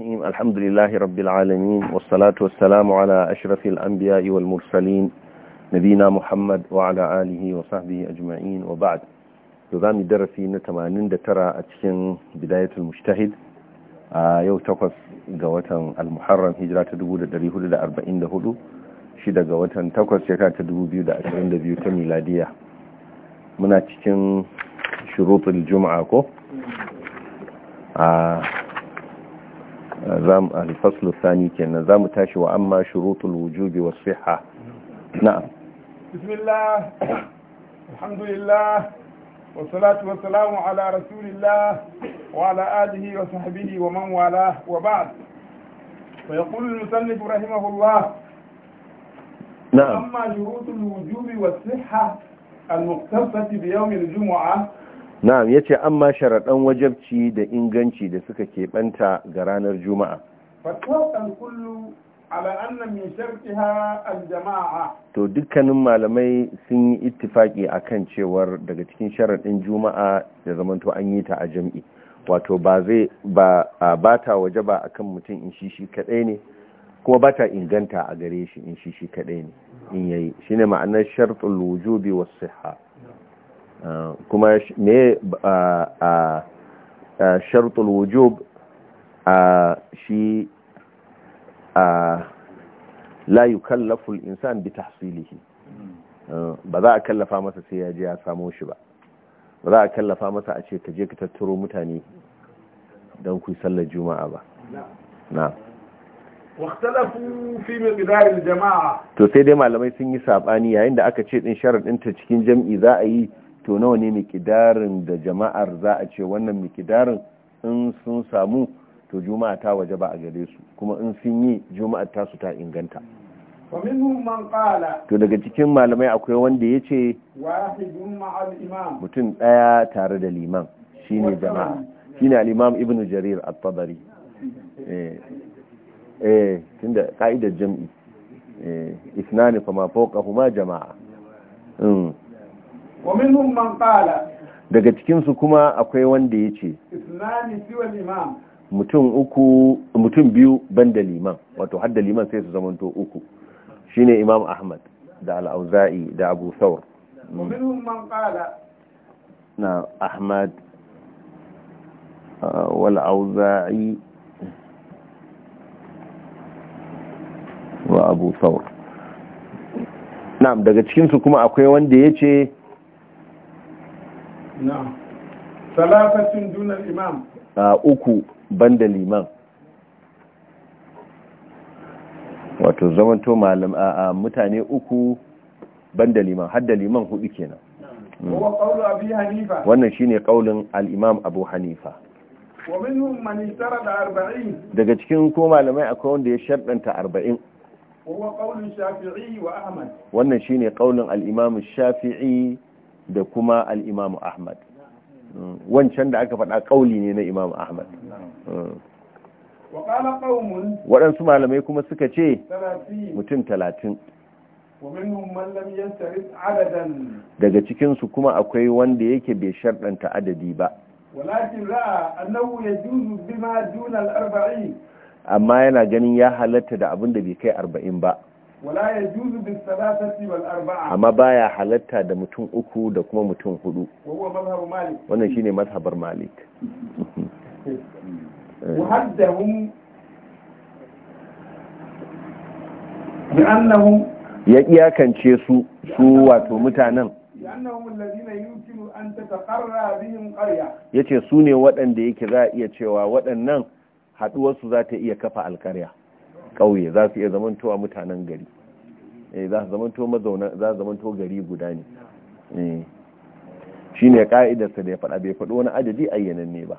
الحمد لله رب العالمين والصلاة والسلام على أشرف الأنبياء والمرسلين نبينا محمد وعلى آله وصحبه أجمعين وبعد يضام درسي نتمانين دترى أتشن بداية المجتهد يو تقف قوة المحرم هجرة تدبو دريه لأربعين دهدو شدة قوة تقف شكا تدبو بيو لأشرين دبيو تميلادية منا تشن شروط الجمعة كو آه الفصل الثاني كان زام تاشي وأما شروط الوجود والصحة نعم بسم الله الحمد لله والصلاة والسلام على رسول الله وعلى آله وصحبه ومن والاه وبعد فيقول المسلف رحمه الله نعم أما شروط الوجوب والصحة المختصة بيوم الجمعة na'am yace amma sharaɗan wajabci da inganci da suka ɓanta ga ranar juma'a to dukkanin malamai sun yi ittifaki akan cewar daga cikin sharaɗin juma'a da zamanto an yi ta a jam'i wato ba zai ba ba ta wajaba akan mutum in shi shi kadai ne kuma ba ta inganta a gare shi in shi shi kadai ne in yayi shine ma'anar shartul wujubi was sihha kuma me a shartul wujub a shi a la yukallafu al-insan bi tahsilihi hmm. uh, ba za a kallafa masa sai ya je ya samu shi ba ba za a kallafa masa a ce ka je ka tattaro mutane don ku sallar juma'a ba na واختلفوا في مقدار Jama'a. to sai dai malamai sun yi sabani yayin da aka ce din sharadin ta cikin jam'i za a yi to nawa ne mikidarin da jama'ar za a ce wannan mikidarin in sun samu to juma'a ta waje ba a gare su kuma in sun yi juma'ar su ta inganta to daga cikin malamai akwai wanda ya ce mutum ɗaya tare da liman shine jama'a shi ne al'imam ibn jarir at-tabari tun eh, da eh, tunda ka'idar jam'i eh isnani fa ma kuma jama'a hmm. daga cikinsu kuma akwai wanda ya ce mutum biyu ban da liman wato hadda liman sai su zamanto uku shine imam ahmad da al'auza'i da abu saur na ahmad ah, wa abu saur na daga cikinsu kuma akwai wanda ya ce. na'am salafatin dunar imam a uku banda liman wato zamanto malam a mutane uku banda liman hadda liman hudu kenan wannan shi ne ƙaunin al'imam abu hanifa daga cikin ko malamai akwai wanda ya sharɗanta arba'in wannan shi ne ƙaunin al’imam shafi'i da kuma al'imamu ahmad wancan da aka faɗa ƙauli ne na imamu ahmad waɗansu malamai kuma suka ce mutum talatin daga cikinsu kuma akwai wanda yake bai sharɗanta adadi ba amma yana ganin ya halatta da abin da bai kai arba'in ba amma baya halatta da mutum uku da kuma mutum hudu wannan shine mazhabar malik ya iyakance su su wato mutanen ya ce su ne waɗanda yake za a iya cewa waɗannan haɗuwarsu za ta iya kafa alkariya ƙauye za su iya zamanto a mutanen gari za su zamanto mazauna za su zamanto gari guda ne shi ne ka'idarsa da ya faɗa bai faɗo wani adadi ne ba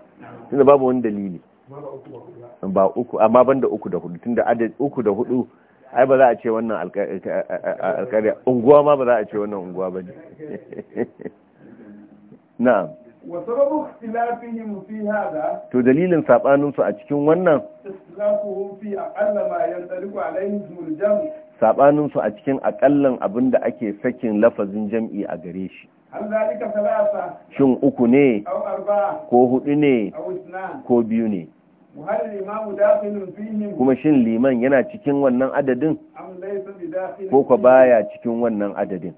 tunda babu wani dalili ba uku amma ban da uku da hudu tunda adad uku da hudu ai ba za a ce wannan alƙariya unguwa ma ba za a ce wannan unguwa ba ne na'am وسبب اختلافهم في هذا تو دليل سو a cikin wannan islafuhum su a cikin akallan abin da ake sakin lafazin jam'i a gare shi shin uku ne ko hudu ne ko biyu ne kuma shin liman yana cikin wannan adadin ko ka baya cikin wannan adadin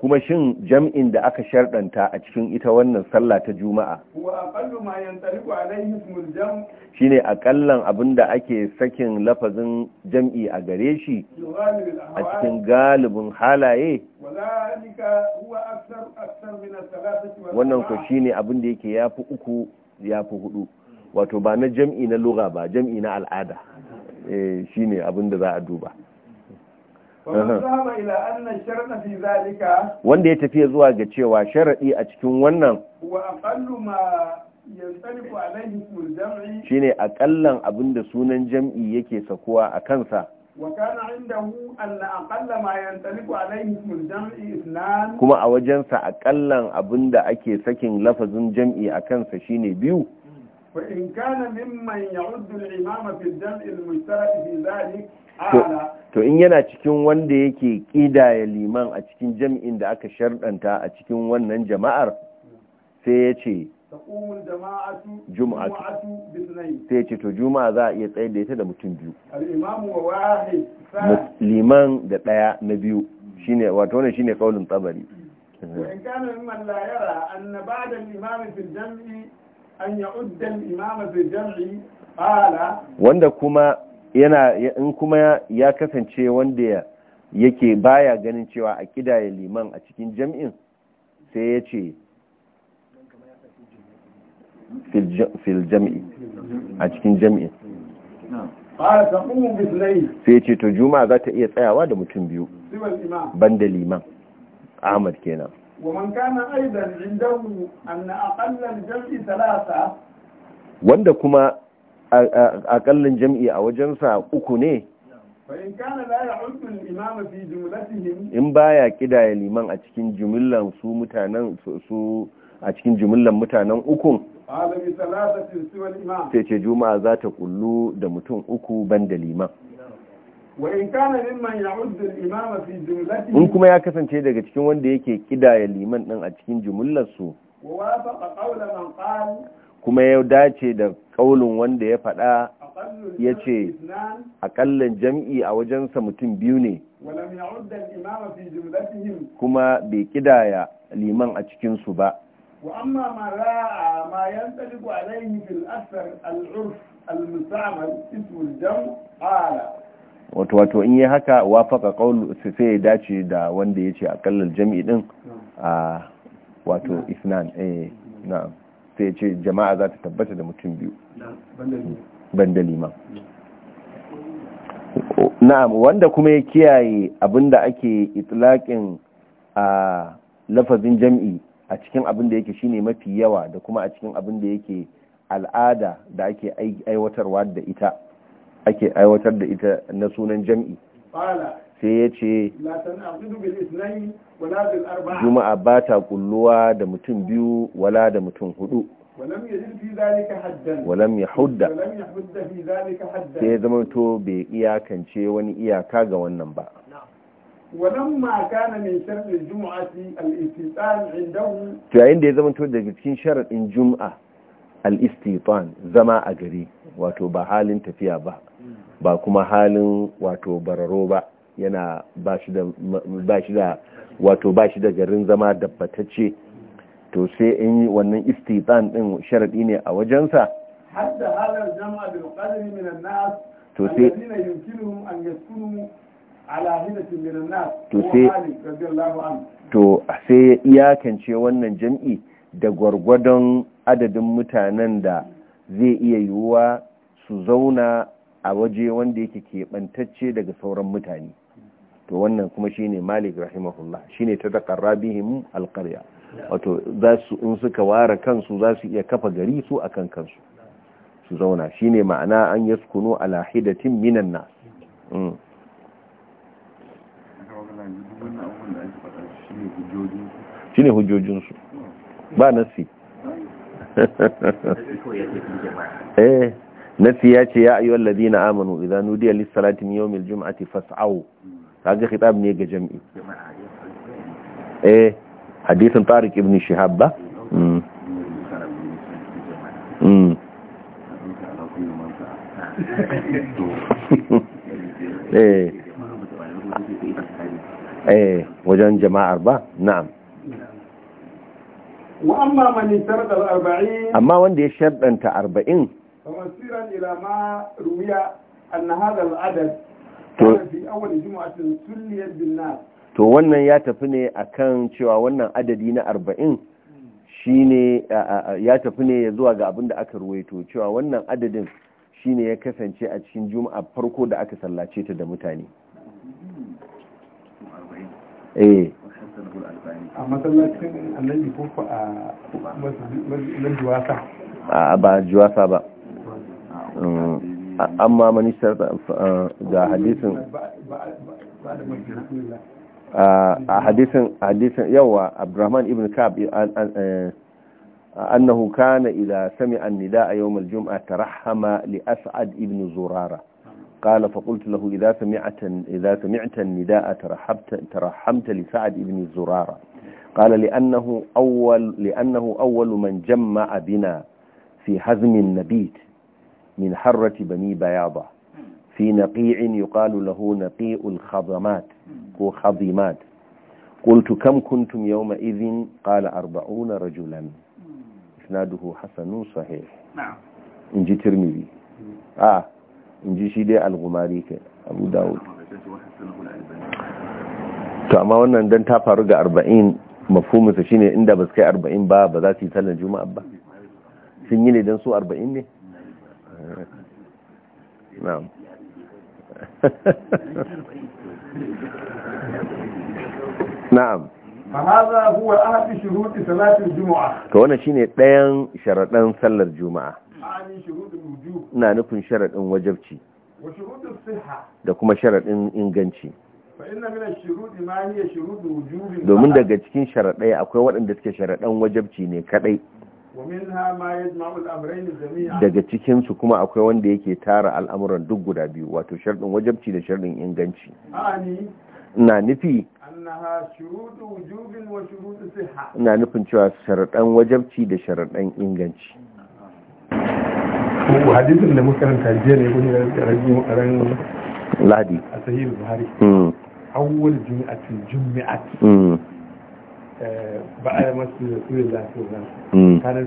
kuma shin jam'in da aka sharɗanta a cikin ita wannan sallah ta juma'a shi ne aƙallan abin da ake sakin lafazin jam'i a gare shi a cikin galibin halaye wannan ku shi ne abin da yake ya fi uku ya fi hudu wato ba na jam'i na lura ba jam'i na al'ada eh, shi ne abin da za a duba wanda ya tafiya zuwa ga cewa sharaɗi a cikin wannan shine akallan abin da sunan jam'i yake sakuwa a kansa kuma a wajensa aƙallan abin da ake sakin lafazin jam'i a kansa shine biyu فإن كان ممن يعد الإمام في الجمع المشترك في ذلك أعلى to in yana cikin wanda yake ƙidaya liman a cikin jami'in da aka sharɗanta a cikin wannan jama'ar sai ya ce juma'atu sai ya ce to juma'a za a iya tsaye da ita da mutum biyu liman da ɗaya na biyu Wato ne shi ne kaulin tsabari Wanda kuma. yana in kuma ya kasance wanda yake baya ganin cewa a kidaya liman a cikin jam'in sai ya ce fil jam'i a cikin jam'in sai ce to juma'a za ta iya tsayawa da mutum biyu banda liman ahmad kenan wanda kuma akallin jam'i a wajensa uku ne in baya kidaya liman a cikin jumillan su mutanen su a cikin jumillan mutanen ukun sai ce juma'a za ta kullu da mutum uku ban da liman in kuma ya kasance daga cikin wanda yake kidaya liman din a cikin jumillar su kuma ya dace da kaulin wanda ya faɗa ya ce akallan jam'i a wajensa mutum biyu ne kuma bai kidaya liman a cikinsu ba wato wato in yi haka wafaka kaulu sai ya dace da wanda ya ce akallar jam'i ɗin? a wato isnan eh na'am sai ce jama'a za ta tabbata da mutum biyu banda liman na'am wanda kuma ya kiyaye abinda ake itlaƙin a lafazin jam'i a cikin abinda yake shine mafi yawa da kuma a cikin abinda yake al'ada da ake aiwatarwa da ita ake aiwatar da ita na sunan jam'i sai ya ce juma'a ba ta kulluwa da mutum biyu wala da mutum hudu walam ya hudda sai ya zama to bai iyakance wani iyaka ga wannan ba ولما كان من شرط الجمعة الاستيطان عنده فعند يزمن تو daga cikin sharadin jum'a al zama a gari wato ba halin tafiya ba ba kuma halin wato bararo ba yana ba shi da wato ba shi da garin zama dabbatacce to sai in yi wannan tsan din sharaɗi ne a wajensa hadda halar jama'a bil qadri min an-nas to sai alladhina yumkinuhum an yaskunu ala hinatin min an-nas to sai radiyallahu anhu to sai ya iyakance wannan jam'i da gwargwadon adadin mutanen da zai iya yiwuwa su zauna a waje wanda yake keɓantacce daga sauran mutane to wannan kuma shine malik rahimahullah shine ta taqarra bihim alqarya wato za su in suka ware kansu za su iya kafa gari su akan kansu su zauna shine ma'ana an yaskunu ala hidatin minan nas mm. shine hujojin su ba nasi eh nasi ya ce ladina amanu idan nudiya lis-salati min yawmil jum'ati fas'au kaga khitab ne ga jam'i eh hadisin tariq ibn shihab ba hmm. Hmm. eh eh wajen jama'ar ba na'am amma wanda ya shaddanta arba'in. فمصيرا إلى ما روي to wannan ya tafi ne akan cewa wannan adadi na arba'in shi ne ya tafi ne ya zuwa ga abin da aka ruwaito cewa wannan adadin ne ya kasance a cikin juma'a farko da aka sallace ta da mutane eh. a masallacin annabi ko a juwasa a ba juwasa ba mm. أما من آه، يسرد آه، حديث حديث حديث يوى عبد الرحمن بن كعب آه، أنه كان إذا سمع النداء يوم الجمعة ترحم لأسعد بن زرارة قال فقلت له إذا سمعت إذا سمعت النداء ترحبت ترحمت لسعد بن زرارة قال لأنه أول لأنه أول من جمع بنا في هزم النبيت min harrati bani bayaba fi naqi'in yuqalu lahu naqi'ul khadamat ko khadimat qultu kam kuntum yawma idhin qala arba'una rajulan isnaduhu hasanun sahih na'am inji tirmidhi a inji shi dai al-ghumari kai abu dawud to amma wannan dan ta faru ga 40 mafhuminsa shine inda ba su kai 40 ba ba za su yi sallar juma'a ba sun yi ne dan su 40 ne نعم نعم فهذا هو أحد شروط صلاة الجمعة كونه شيني شرطان صلاة الجمعة يعني شروط الوجوب da kuma sharaɗin inganci domin daga cikin sharaɗai, akwai waɗanda suke sharaɗan wajibci ne kadai daga cikinsu kuma akwai wanda yake tara al'amuran duk guda biyu wato sharɗin wajabci da sharɗin inganci na nufi na nufin cewa sharaɗan wajabci da sharaɗan inganci hadisin da muka ranta jiya ne kun yi ran ladi a sahihul buhari hmm. awwal jumu'atin jumu'at hmm. Eh, ba a yi masu lafiya na hmm. kanar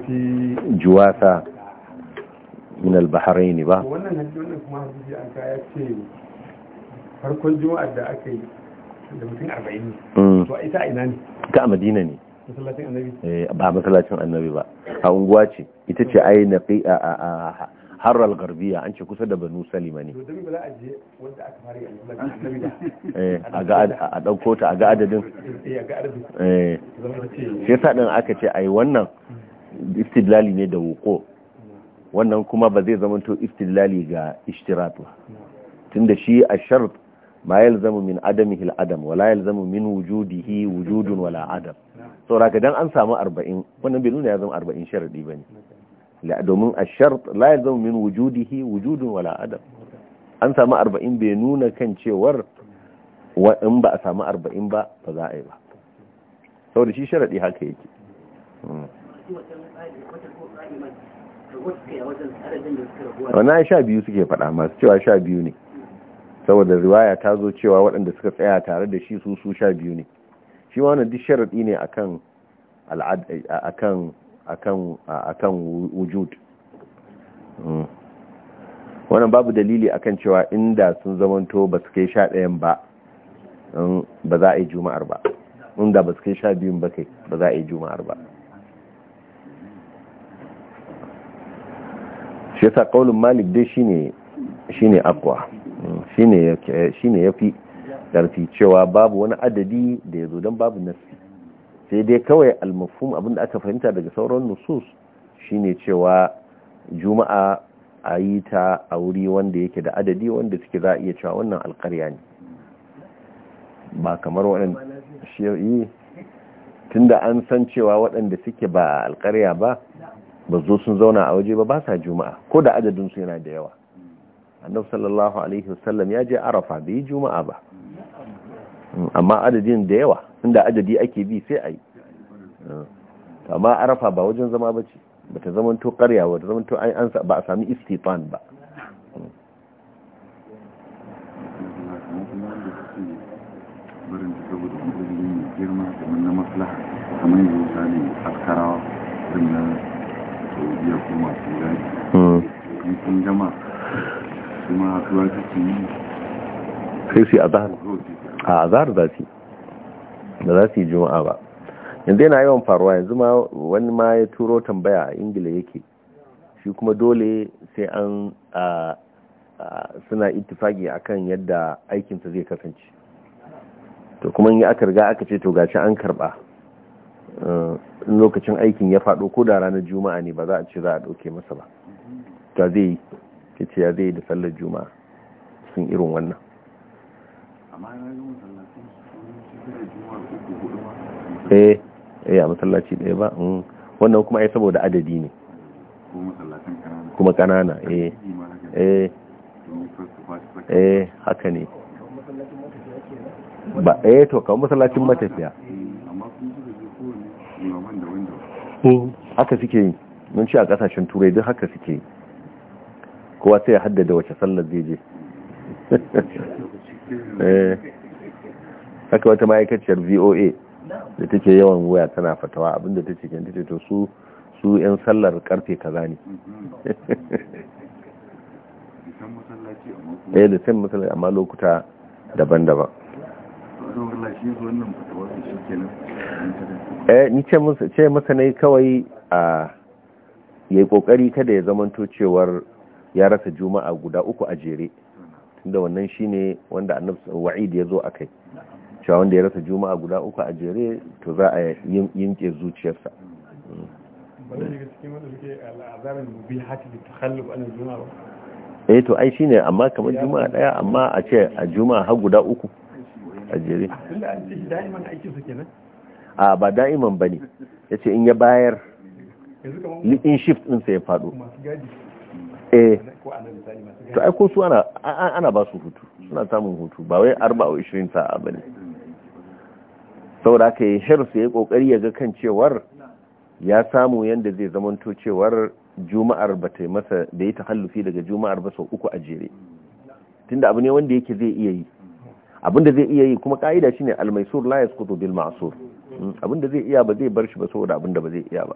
juwasa min albaharai ne ba wannan hajji wannan kuma hajji an kaya ce farkon juma'ar da aka yi da mutum arba'in hmm. to ita ina ne ta a madina ne masallacin annabi eh, ba masallacin annabi ba a unguwa ce ita ce yi hmm. na a harral garbiya an ce kusa da banu salima ne eh, a ɗauko ta a ga adadin eh, eh. shi sa ɗin aka ce ai wannan istidlali ne da wuko wannan kuma ba zai zama to istidlali ga ishtiratu. tun tunda shi a shart ma yalzamu min adamihi al-adam wala yalzamu min wujudihi wujudun wala adam saboda dan an samu 40 wannan bai nuna ya zama 40 sharadi bane domin a shart la ya zama min wujudihi wujudun wala adam an samu arba'in bai nuna kan cewar in ba a samu arba'in ba ba za a yi ba saboda shi sharaɗi haka yake wana sha biyu suke faɗa masu cewa sha biyu ne saboda riwaya ta zo cewa waɗanda suka tsaya tare da shi su su sha biyu ne shi wani duk sharaɗi ne akan akan akan wujud mm. wannan babu dalili akan cewa inda sun zamanto ba su kai sha ɗayan ba ba za a yi juma'ar ba inda ba su kai sha biyun ba kai ba za a yi juma'ar ba shi yasa ƙaunin malik dai shi ne akwa mm. ne ya fi ƙarfi cewa babu wani adadi da ya zo don babu nasi sai dai kawai abin abinda aka fahimta daga sauran nusus shine cewa juma'a a yi ta a wuri wanda yake da adadi wanda suke za iya cewa wannan alkarya ne ba kamar waɗanda shi tunda an san cewa waɗanda suke ba alkarya ba ba zo sun zauna a waje ba ba sa juma'a ko da adadinsu yana da yawa annabi sallallahu alaihi wasallam ya je arafa bai juma'a ba amma adadin da yawa inda ajadi ake bi sai a yi amma arafa ba wajen zama ba ce ba ta zama to karyawa ta zama to ba a sami istifan ba kai yanzu kuma sai a zahar zafi da za su yi juma'a ba yanzu yana yawan faruwa yanzu ma wani ma ya turo tambaya a ingila yake shi kuma dole sai an suna ittifaki akan yadda aikinsa zai kasance to kuma in aka riga aka ce to gashi an karba eh, lokacin aikin ya faɗo ko da ranar juma'a ne ba za a ce za a ɗauke masa ba ta zai yi ce ya zai yi da sallar juma'a sun irin wannan eh ya yi masallaci ɗaya ba wannan kuma ya saboda adadi ne kuma kanana eh, eh. eh haka ne ba eh to kawo masallacin matafiya eh, mm. haka suke yi mun ci a kasashen turai duk haka suke yi kowa sai ya haddada wace sallar zai je haka wata ma'aikaciyar voa da take yawan waya tana fatawa abinda ta ce kyan tace to su su yan sallar karfe kaza ne ɗaya eh, da sai masallaci amma lokuta daban-daban eh ni ce masa ce ne kawai a yi kokari kada ya zamanto cewar ya rasa juma'a guda uku a jere tunda wannan shine wanda annabta wa'id ya zo a kai. cewa wanda ya rasa juma'a guda uku a jere to za a yinke zuciyarsa eh to ai shine amma kamar juma'a daya amma a ce a juma'a har guda uku a jere a ba da'iman bane yace in ya bayar in shift ɗinsa sa ya faɗo. eh to ai ko su ana ba su hutu suna samun hutu ba wai 4 20 sa'a ba ne. saboda haka ya hirsu ya kokari ya ga kan cewar ya samu yadda zai zamanto cewar juma'ar ba ta masa da ya hallufi daga juma'ar ba sau uku a jere tunda abu ne wanda yake zai iya yi abinda zai iya yi kuma ka'ida shine almaisur la yasqutu bil ma'sur mm, abinda zai iya ba zai bar shi ba sau da abinda ba zai iya ba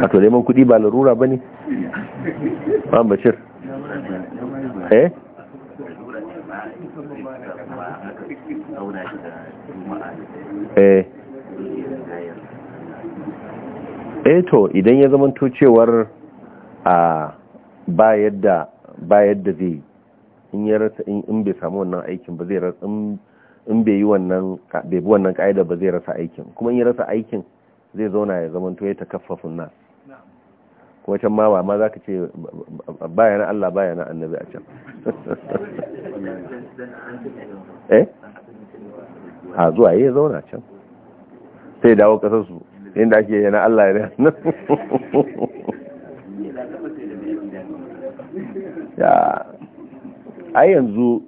a to neman kudi ba larura ba ne? ma'am bashir eh? eh eh to idan ya zama to cewar a ba yadda ba yadda zai in ya rasa in bai samu wannan aikin ba zai rasa in bai yi wannan bai bi wannan ka'ida ba zai rasa aikin kuma in ya rasa aikin zai zauna ya zama to ya takaffafun nan kuma can ma ba ma za ka ce bayana Allah bayana annabi a can eh a zuwa ya zauna can sai dawo kasarsu inda ake yana Allah ya rana ya a yanzu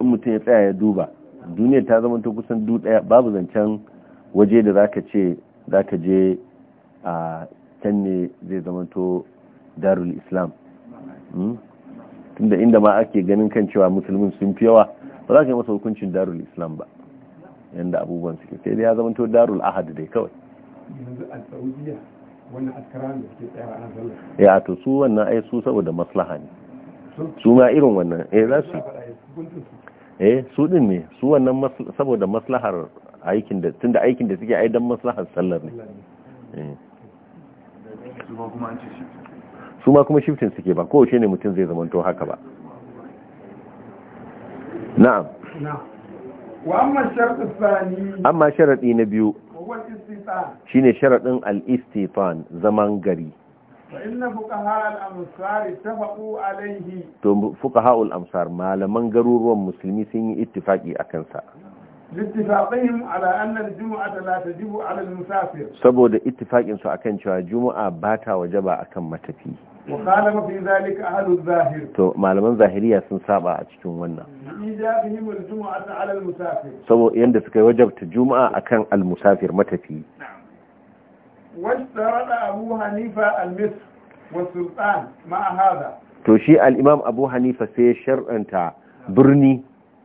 mutum ya tsaya ya duba duniya ta zama ta kusan dutse babu zancen waje da za ka ce za ka je a can ne zai zamanto darul islam hmm? tunda inda ma ake ganin kan cewa musulmin sun fi yawa ba za ka yi masa hukuncin darul islam ba yadda abubuwan suke sai dai ya zamanto darul ahad dai kawai ya to su wannan ai su saboda maslaha ne su ma irin wannan eh za su eh su din ne su wannan saboda maslahar aikin da tunda aikin da suke ai dan maslahar sallar ne eh. su ma kuma shiftin suke ba kowace ne mutum zai zamanto haka ba na'am amma sharaɗi na biyu shine sharaɗin al zaman gari to fuka ha'ul amsar malaman garuruwan musulmi sun yi ittifaki a kansa لاتفاقهم على أن الجمعة لا تجب على المسافر سبود اتفاق انسو أكن شوى جمعة باتا وجبا أكن متفي وخالف في ذلك أهل الظاهر تو معلمان ظاهرية سنصابة أتكون ونا إيجابهم الجمعة على المسافر سبو يندسك وجبت جمعة أكن المسافر متفي نعم واشترط أبو حنيفة المصر والسلطان مع هذا to shi al'imam abu hanifa sai ya shar'anta birni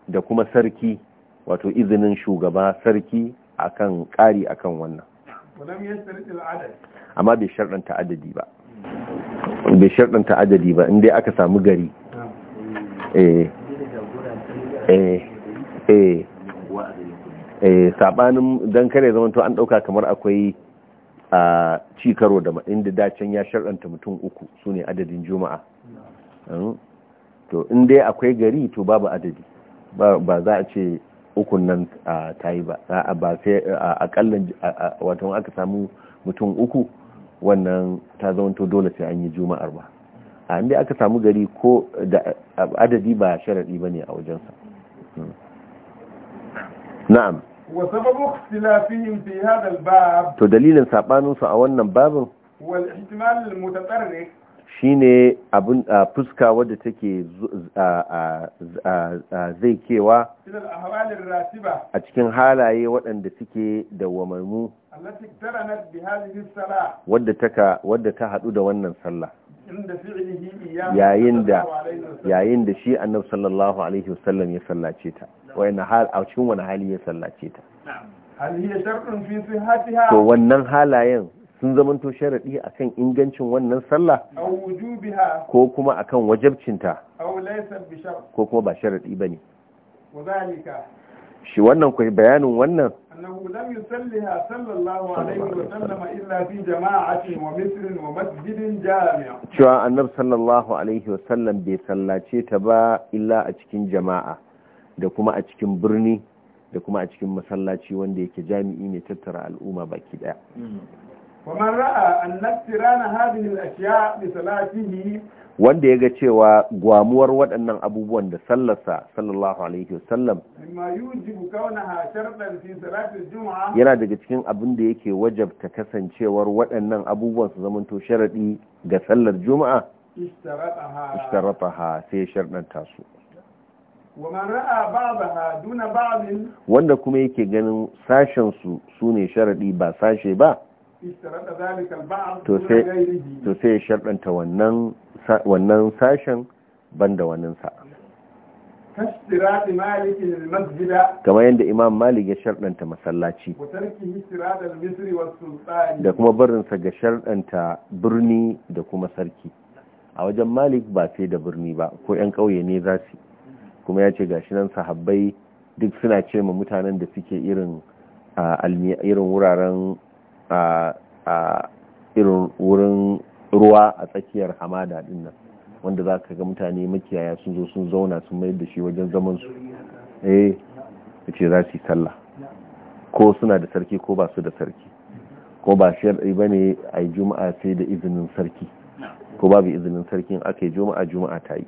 da kuma sarki wato izinin shugaba sarki akan kari akan wannan amma bai sharɗanta adadi ba bai sharɗanta adadi ba inda aka samu gari eh eh, eh. eh sabanin don kare to an ɗauka kamar akwai a ci karo da inda dacen ya sharɗanta mutum uku su ne adadin juma'a hmm? to inda akwai gari to babu adadi ba za a ce ukun nan ta yi ba ba sai akalla wato aka samu mutum uku wannan ta zamanto dole sai an yi juma'ar ba a inda aka samu gari ko da adadi ba sharadi bane a wajensa hmm. na'am wa sababu ikhtilafihim fi hadha al-bab to dalilin sabanin su a wannan babin wal ihtimal al-mutatarrif shine abin fuska wadda take zai kewa a cikin halaye waɗanda suke wamarmu wadda ta haɗu da wannan sallah yayin da shi annabi sallallahu alaihi wasallam ya sallace ta a cikin wani hali ya sallace ta to wannan halayen sun zamanto sharaɗi akan ingancin wannan sallah ko kuma a kan wajabcinta ko kuma ba sharaɗi ba ne shi wannan kwai bayanin wannan sallallahu alaihi cewa annab sallallahu alaihi wa sallam bai sallace ta ba illa a cikin jama'a da kuma a cikin birni da kuma a cikin masallaci wanda yake jami'i ne tattara al'umma baki daya hmm. ومن رأى أن اقتران هذه الأشياء بصلاته wanda ya ga cewa gwamuwar waɗannan abubuwan da sallarsa sallallahu alaihi wasallam yana daga cikin abin da yake wajabta kasancewar waɗannan abubuwan su zamanto sharaɗi ga sallar juma'a ishtarataha sai ya sharɗanta su wanda kuma yake ganin sashen su su ne sharaɗi ba sashe ba to sai ya sharɗanta wannan sashen banda waninsa kamar yadda imam malik ya sharɗanta masallaci da kuma barinsa ga sharɗanta birni da kuma sarki a wajen malik ba sai da birni ba ko 'yan ƙauye ne za su kuma ya ce ga shi nan sahabbai duk suna ce ma mutanen da suke irin irin wuraren a irin wurin ruwa a tsakiyar hamada din nan wanda za ka ga mutane makiyaya sun zo sun zauna sun mayar da shi wajen zaman su eh ce za su yi sallah ko suna da sarki ko ba su da sarki ko ba ɗai ba ne a yi juma'a sai da izinin sarki ko babu izinin sarkin aka yi juma'a juma'a ta yi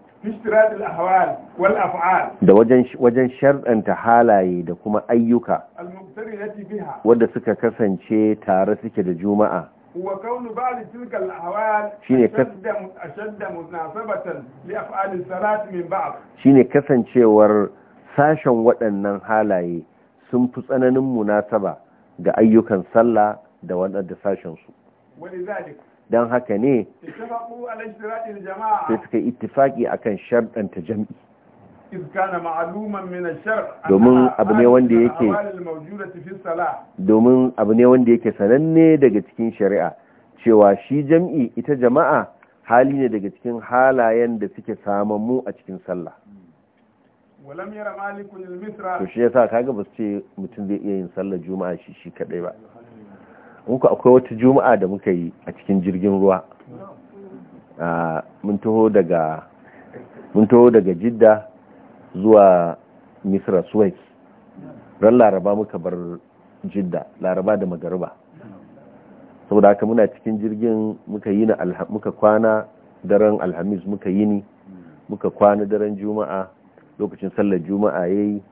da wajen sharɗanta halaye da kuma ayyuka wadda suka kasance tare suke da juma'a shi ne kasancewar sashen waɗannan halaye sun fi tsananin munasaba ga ayyukan sallah da waɗanda sashensu don haka ne sai suka ittifaki akan sharɗanta jami'i domin abu ne wanda yake domin abu ne wanda yake sananne daga cikin shari'a cewa shi jam'i ita jama'a hali ne daga cikin halayen da suke mu a cikin sallah to shi yasa kaga ba su ce mutum zai iya yin sallah juma'a shi shi kadai ba muku akwai wata juma'a da muka yi a cikin jirgin ruwa mun taho daga jidda zuwa misra suwais ran laraba muka bar jidda laraba da magariba saboda haka muna cikin jirgin muka yi muka kwana daren alhamis muka yi ni muka kwana daren juma'a lokacin sallar juma'a yayi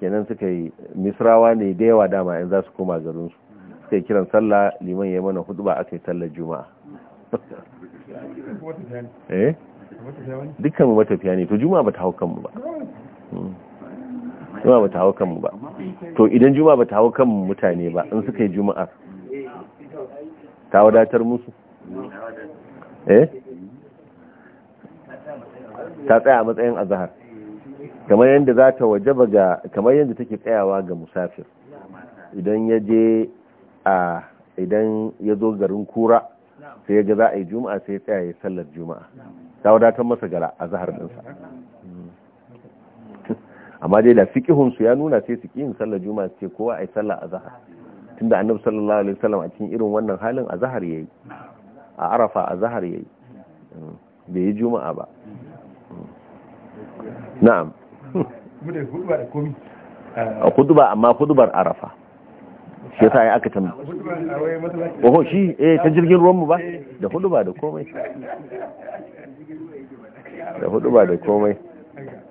kenan suka yi misrawa ne da yawa dama in za su koma garinsu suka yi kiran sallah liman ya mana ba aka yi sallar juma'a eh dukkan mu matafiya ne to juma'a bata hau kanmu ba hmm. juma'a bata hau kanmu ba to idan juma'a bata hau kanmu mutane ba in suka yi juma'a ta wadatar musu eh ta tsaya a matsayin azahar kamar yadda za ta wajaba ga kamar yadda take tsayawa ga musafir idan ya je a idan ya zo garin kura sai ya ga za a yi juma'a sai ya tsaye sallar juma'a ta wadatar masa gara a zahar ɗinsa amma dai da fiƙihunsu ya nuna sai su ƙi yin sallar juma'a su ce kowa a yi sallar a zahar tunda annabi sallallahu alaihi wasallam a cikin irin wannan halin a zahar ya yi a arafa a zahar ya yi bai yi juma'a ba na'am a kuduba amma kudubar arafa shi yasa ya aka tambaye oho shi eh ta jirgin ruwan mu ba da hudu ba da komai da hudu ba da komai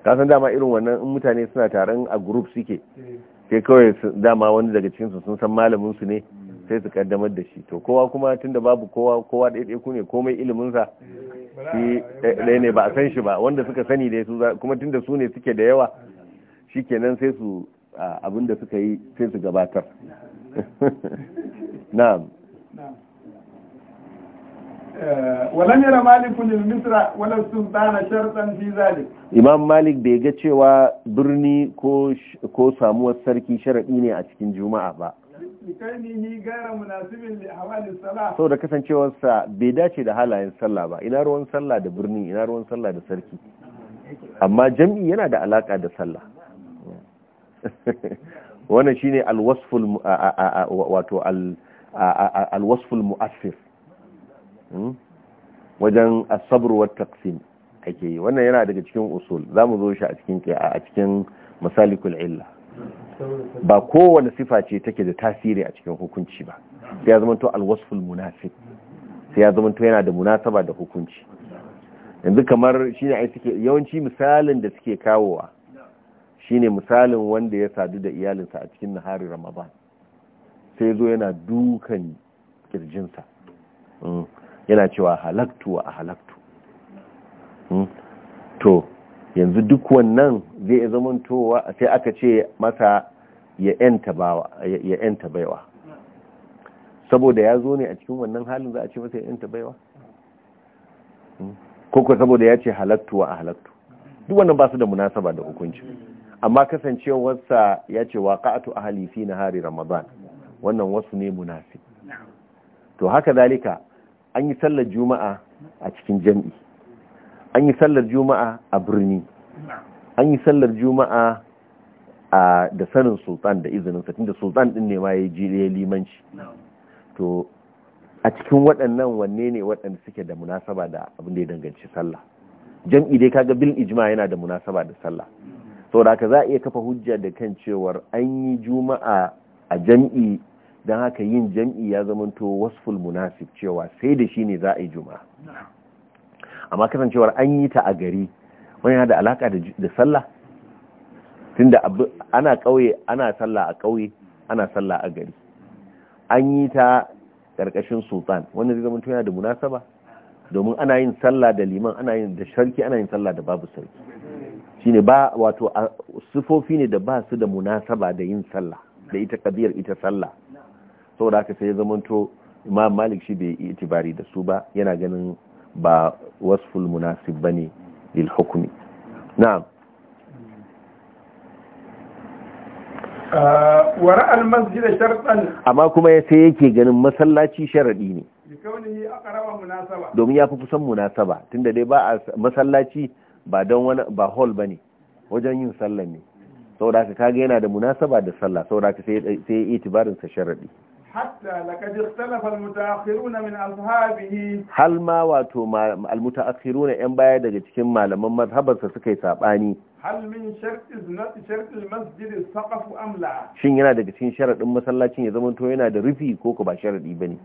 ka san dama irin wannan in mutane suna taron a group suke sai kawai dama wani daga cikin su sun san malamin su ne sai su kaddamar da shi to kowa kuma tunda babu kowa kowa da ɗaya ku ne komai ilimin sa shi eh, ɗaya ne ba a san shi ba wanda suka sani da su kuma tunda su ne suke da yawa shikenan sai su ah, abin da suka yi sai su gabatar na'am eh, walam yara malikun misra wala sultana shartan fi zalik imam malik bai ga cewa birni ko ko samuwar sarki sharadi ne a cikin juma'a ba Kaini sau da kasancewarsa bai dace da halayen sallah ba ina ruwan sallah da birni ina ruwan sallah da sarki amma jam'i yana da alaka da sallah wannan shine alwasful wato alwasful mu'assir hmm? wajen asabr wa taqsim ake yi wannan yana daga cikin usul zamu zo shi a cikin a cikin masalikul illa ba kowane sifa ce take da tasiri a cikin hukunci ba sai ya zama to alwasful munasib sai ya zama to yana da munasaba da hukunci yanzu kamar shine ai suke yawanci misalin da suke kawowa shine misalin wanda ya sadu da iyalinsa a cikin nahari ramadan sai zo yana dukan kirjinsa mm. yana cewa halaktu wa halaktu mm. to yanzu duk wannan zai zamantowa sai aka ce masa ya yanta baiwa saboda ya zo ne a cikin wannan halin za a ce masa ya yanta baiwa koko mm. saboda ya ce Halaktu wa Halaktu. duk wannan ba su da munasaba da hukunci amma kasancewarsa ya ce a halifi na hari ramadan wannan wasu ne munafi to haka zalika an yi sallar juma'a a cikin jami'i an yi sallar juma'a a birni an yi sallar juma'a a da sanin sultan da izinin sa tunda sultan din ne ma ya yi limanci to a cikin waɗannan wanne ne waɗanda suke da munasaba da abin da ya danganci sallah jam'i dai kaga bil ijma yana da munasaba da sallah saboda aka za a iya kafa hujja da kan cewar an yi juma'a a jam'i don haka yin jam'i ya zamanto wasful munasib cewa sai da shi ne za a yi juma'a amma kasancewar an yi ta a gari wani yana da alaka da sallah tunda ana kauye ana sallah a kauye ana sallah a gari an yi ta karkashin sultan wanda zai zamanto yana da munasaba domin ana yin sallah da liman ana yin da sharki ana yin sallah da babu sarki shine ba wato sifofi ne da ba su da munasaba da yin sallah da ita kabiyar ita sallah saboda haka sai ya zamanto imam malik shi bai itibari da su ba yana ganin ba wasful munasib bane lil hukmi na'am wara almasjid shartan amma kuma sai yake ganin masallaci sharadi ne domin ya fi kusan munasaba tunda dai ba a masallaci ba don wani ba hall bane wajen yin sallah ne saboda ka kaga yana da munasaba da sallah saboda ka sai sai itibarin sa sharadi hatta laqad ikhtalafa almutaakhiruna min ashabihi hal ma wato almutaakhiruna yan baya daga cikin malaman mazhabarsa suka yi sabani hal min shart shart almasjid saqaf am la shin yana daga cikin sharaɗin masallacin ya zama to yana da rufi ko ko ba sharadi bane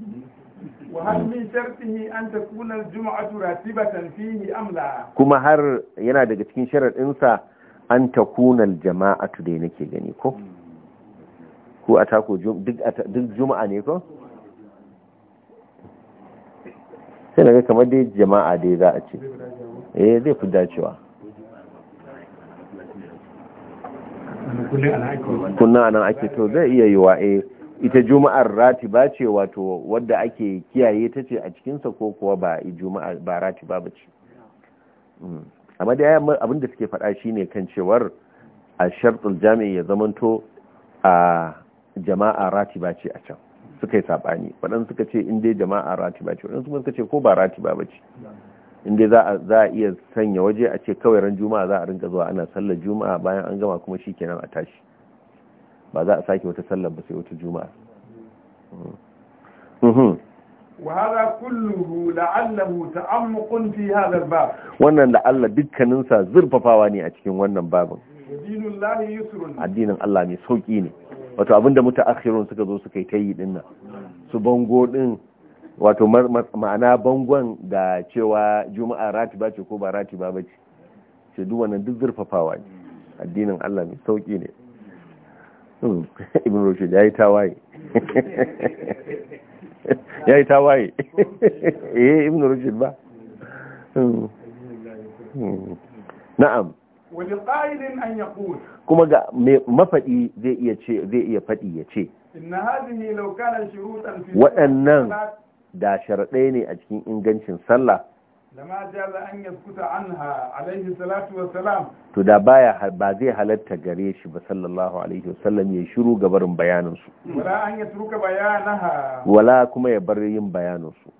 وهل من شرطه أن تكون الجمعة راتبة فيه أم لا كما هر ينا دقا cikin sharadinsa an takuna jama'atu dai nake gani ko ko a tako duk duk juma'a ne ko sai daga kamar dai jama'a dai za a ce eh zai fi dacewa kunna nan ake to zai iya yiwa eh ita juma'ar ratiba ce wato wadda ake kiyaye ta ce a cikinsa ko kuwa ba juma'a ba ratiba ba ce mm. amma da abin da suke faɗa shine kan cewar a shartul jami'i ya zamanto a jama'a ratiba ce a can suka yi saɓani waɗansu suka ce inda jama'a ratiba ce waɗansu kuma suka ce ko ba ratiba ba ce inda za a iya sanya waje a ce kawai ran juma'a za a rinka zuwa ana sallar juma'a bayan an gama kuma shi shikenan a tashi ba za a sake wata sallar ba sai wata juma'a وهذا كله لعله تعمق في هذا الباب wannan da Allah dukkanin sa zurfafawa ne a cikin wannan babin dinullahi yusrun addinin Allah mai sauki ne wato abinda mutaakhirun suka zo suka yi tayi dinna su bango din wato ma'ana bangon da cewa juma'a ratiba ce ko ba ratiba bace ce duk wannan duk zurfafawa ne addinin Allah mai sauki ne Mm. ibn rushd yayi tawaye yayi tawaye eh ibn rushd ba mm. Mm. na'am wani ƙa'ilin an ya kuma ga mafaɗi zai iya ce zai iya faɗi ya ce waɗannan da sharaɗai ne a cikin ingancin sallah to da baya ba zai halatta gare shi ba sallallahu alaihi wa sallam ya shiru gabarin bayanin su wala an ya bayanaha wala kuma ya bar yin bayanin su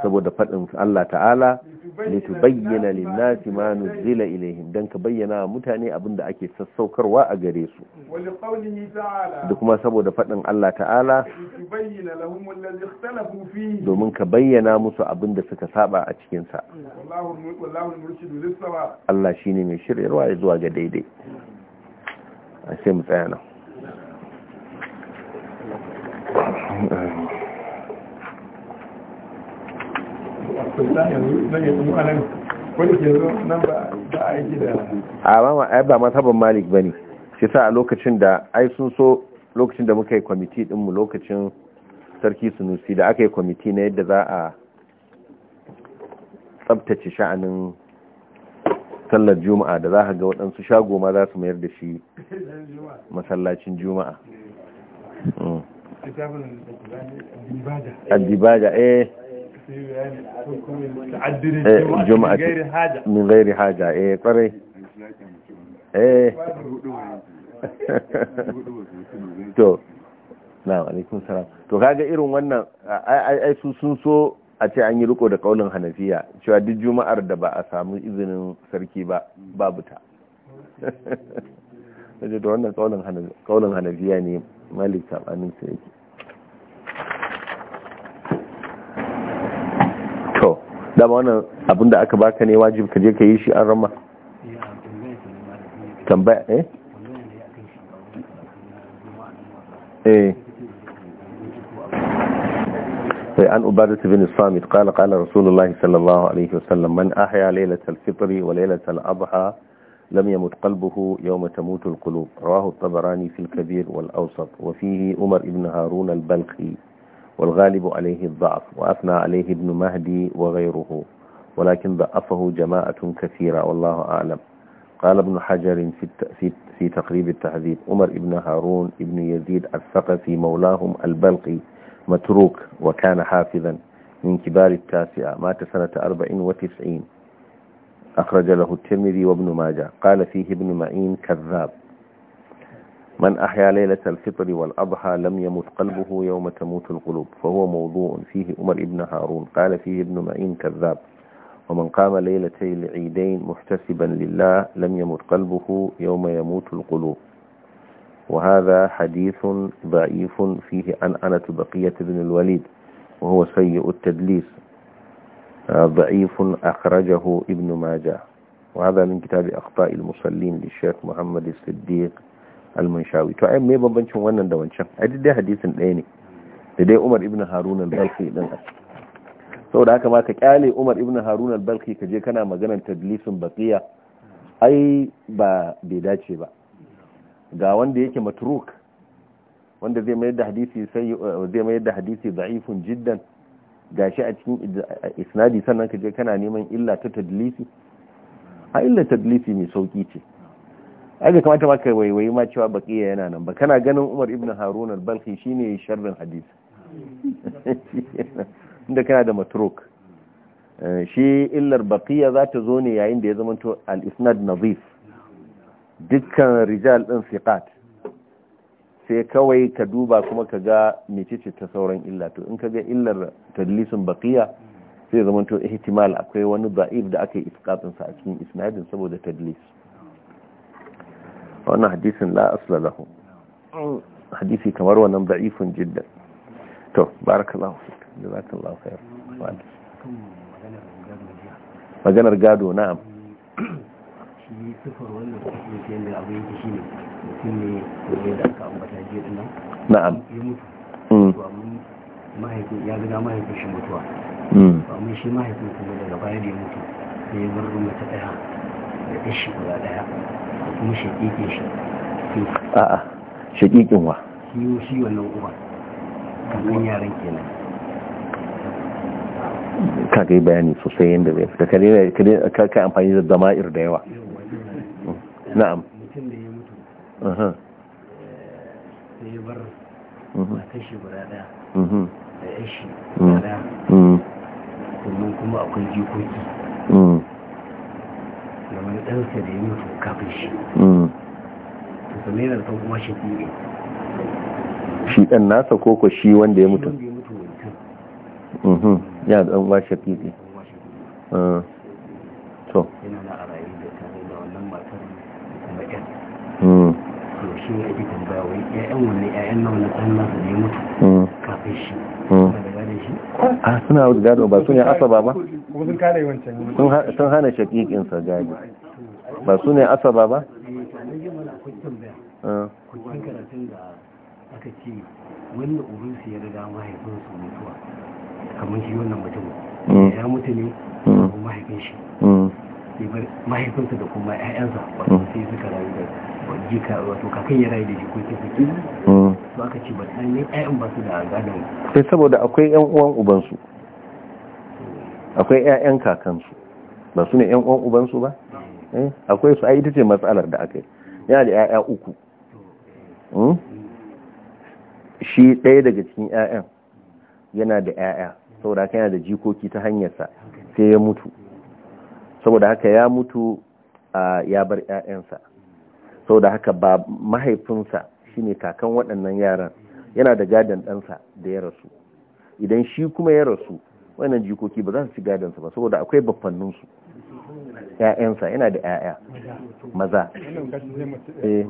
saboda fadin Allah ta'ala li tubayyana lin-nasi ma nuzila ilaihim dan ka bayyana mutane abin da ake sassaukarwa a gare su da kuma saboda fadin Allah ta'ala domin ka bayyana musu abin da suka saba saba a cikinsa Allah shi ne mai shiryarwa ya zuwa ga daidai a sai mu tsaya nan a ba mazhaban malik ba ne shi sa a lokacin da ai sun so lokacin da muka yi kwamiti dinmu lokacin sarki sunusi da aka yi kwamiti na yadda za a tsabtace sha'anin sallar juma'a da za ga waɗansu shago ma za su mayar da shi masallacin juma'a addibaja eh. eh juma'a min gairi haja eh kwarai eh to na alaikun salam to kaga irin wannan ai su sun so a ce an yi riko da kaulin hanafiya cewa duk juma'ar da ba a samu izinin sarki ba babu ta da da wannan kaulin hanafiya ne malik sabanin sa yake to dama wannan abinda aka baka ne wajib ka je ka yi shi an rama tambaya eh eh في عن أبادة بن الصامت قال قال رسول الله صلى الله عليه وسلم من أحيا ليلة الفطر وليلة الأضحى لم يمت قلبه يوم تموت القلوب رواه الطبراني في الكبير والأوسط وفيه عمر بن هارون البلخي والغالب عليه الضعف وأثنى عليه ابن مهدي وغيره ولكن ضعفه جماعة كثيرة والله أعلم قال ابن حجر في في تقريب التحذيب عمر بن هارون بن يزيد الثقفي مولاهم البلقي متروك وكان حافظا من كبار التاسعة مات سنة وتسعين أخرج له الترمذي وابن ماجه قال فيه ابن معين كذاب من أحيا ليلة الفطر والأضحى لم يمت قلبه يوم تموت القلوب فهو موضوع فيه عمر ابن هارون قال فيه ابن معين كذاب ومن قام ليلتي العيدين محتسبا لله لم يمت قلبه يوم يموت القلوب وهذا حديث ضعيف فيه عن أنة بقية بن الوليد وهو سيء التدليس ضعيف أخرجه ابن ماجه وهذا من كتاب أخطاء المصلين للشيخ محمد الصديق المنشاوي to ai me bambancin wannan da wancan ai duk dai hadisin ɗaya ne da dai Umar ibn Harun al-Balkhi saboda haka ma ka kyale Umar ibn Harun al ka je kana maganar tadlisin baƙiya ai ba bai dace ba ga wanda yake matruk wanda zai mayar da hadisi sai eh, zai mayar da hadisi da'ifun jiddan gashi a cikin isnadi sannan kaje kana neman illa ta tadlisi a illa tadlisi mai sauki ce ai da kamata maka waiwayi ma cewa baqiya yana nan ba kana ganin Umar ibn Harun al-Balkhi shine sharrin hadisi inda kana da matruk eh, shi illar baqiya za ta zo ne yayin da ya zama to al-isnad nazif dukkan rijal ɗin siƙat sai kawai ka duba kuma ka ga mecece ta sauran illa to in ka ga illar tadlisin baqiya sai zama to ihtimal akwai wani da'if da aka yi isqatin sa a cikin isnadin saboda tadlis wannan hadisin la asla lahu hadisi kamar wannan da'ifun jiddan to barakallahu fik jazakallahu khair maganar gado na'am mm. shi sufar wannan kusurci yadda abu yake shi ne mutum ne aka ambata jiya ya mutu hmm. ya mahaifin mutuwa hmm. amma shi mahaifin kuma daga ya mutu ya bar ta ɗaya da guda ɗaya kuma a'a shaƙiƙin wa shi ka ga bayani sosai yadda zai fita ka amfani da zama'ir da yawa na'am mutum da ya mutu da eh, ya bar mhm. matan shi guda daya mhm. da ya shi mhm. guda domin kuma akwai jikoki da wani ɗansa da ya mutu kafin shi to sannan yana da kuma shi ɗiɗi shi ɗan nasa koko shi wanda ya mutu ya ɗan washe ɗiɗi ah. to yana da ya'yan wani ya'yan nawa wani ɗan nasa da ya mutu hmm. kafin shi hmm. a ah, suna wuce gado ba su ne asaba ba sun hana shakikinsa gado ba su ne asaba ba kudin eh, hmm. karatun da aka wanda ya riga mahaifinsu mutuwa kamar shi wannan mutum ya mutu ne mahaifin shi mahaifinsa da kuma 'ya'yansa ba sai suka rayu da jika wato kakan ya rayu da jikoki suke to aka ce ba tsanin ƴaƴan ba su da gadon sai saboda akwai ƴan uwan ubansu akwai ƴaƴan kakansu ba su ne ƴan uwan ubansu ba eh, akwai su ai ita ce matsalar da aka yi yana da ƴaƴa uku hmm? shi ɗaya daga cikin ƴaƴan yana da ƴaƴa saboda haka yana da jikoki ta hanyarsa sai ya mutu saboda haka ya mutu ya bar ƴaƴansa sau da haka ba mahaifinsa shine kakan waɗannan yaran yana da gadon ɗansa da ya rasu idan shi kuma ya rasu wannan jikoki ba za su ci gadonsa ba saboda akwai baffanninsu ‘ya'yansa yana da ‘ya'ya maza eh,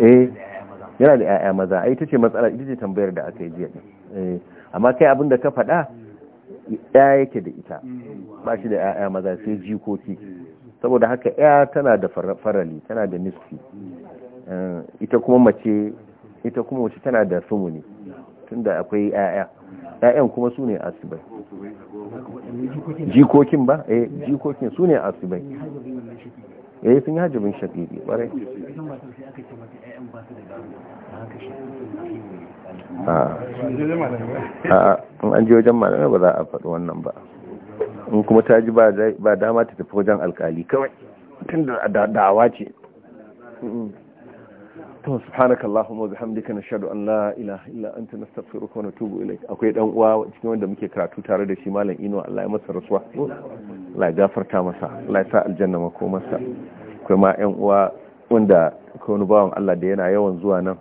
eh yana da ‘ya'ya maza ai ta ce matsala ita ce tambayar da aka yi jiya eh, amma kai abin da ka faɗa ya yake da ita ba shi da ‘ya'ya maza sai jikoki saboda haka ya tana da farali tana da nisfi eh, ita kuma mace ita kuma tana da sumuni tunda akwai ya'ya ya'yan kuma su ne asibai jikokin ba eh jikokin su ne asibai eh sun yi hajjabin shaƙiƙi ƙwarai a ah. ah, an ji wajen malamai ba za a faɗi wannan ba in kuma ta ji ba dama ta tafi wajen alkali kawai tun da da'awa ce to subhanaka allahumma bihamdika nashhadu an la ilaha illa anta nastaghfiruka wa natubu ilayk akwai dan uwa cikin wanda muke karatu tare da shi malam Ino Allah ya masa rasuwa Allah ya gafarta masa Allah ya sa aljanna makomarsa akwai ma yan uwa wanda akwai wani bawan Allah da yana yawan zuwa nan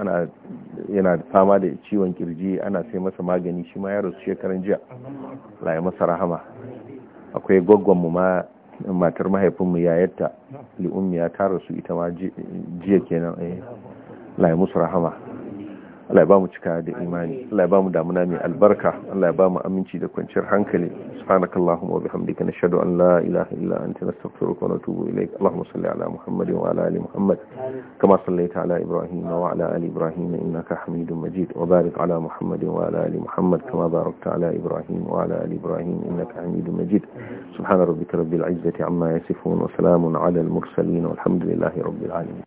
ana yana fama da ciwon kirji ana sai masa magani shi ma ya rasu shekaran jiya laye masa rahama akwai gwaggon mu ma matar mahaifinmu ya yayarta li'ummiya ta rasu ita ma jiya kenan eh musu rahama Allah ya bamu cika da imani Allah ya bamu damuna mai albarka Allah ya bamu aminci da kwanciyar hankali subhanakallahumma wa bihamdika nashhadu an la ilaha illa anta nastaghfiruka wa natubu ilayk Allahumma salli ala Muhammad wa ala ali Muhammad kama sallaita ala Ibrahim wa ala ali Ibrahim innaka Hamidum Majid wa barik ala Muhammad wa ala ali Muhammad kama barakta ala Ibrahim wa ala ali Ibrahim innaka Hamidum Majid subhana rabbika rabbil izzati amma yasifun wa salamun ala al mursalin والحمد لله رب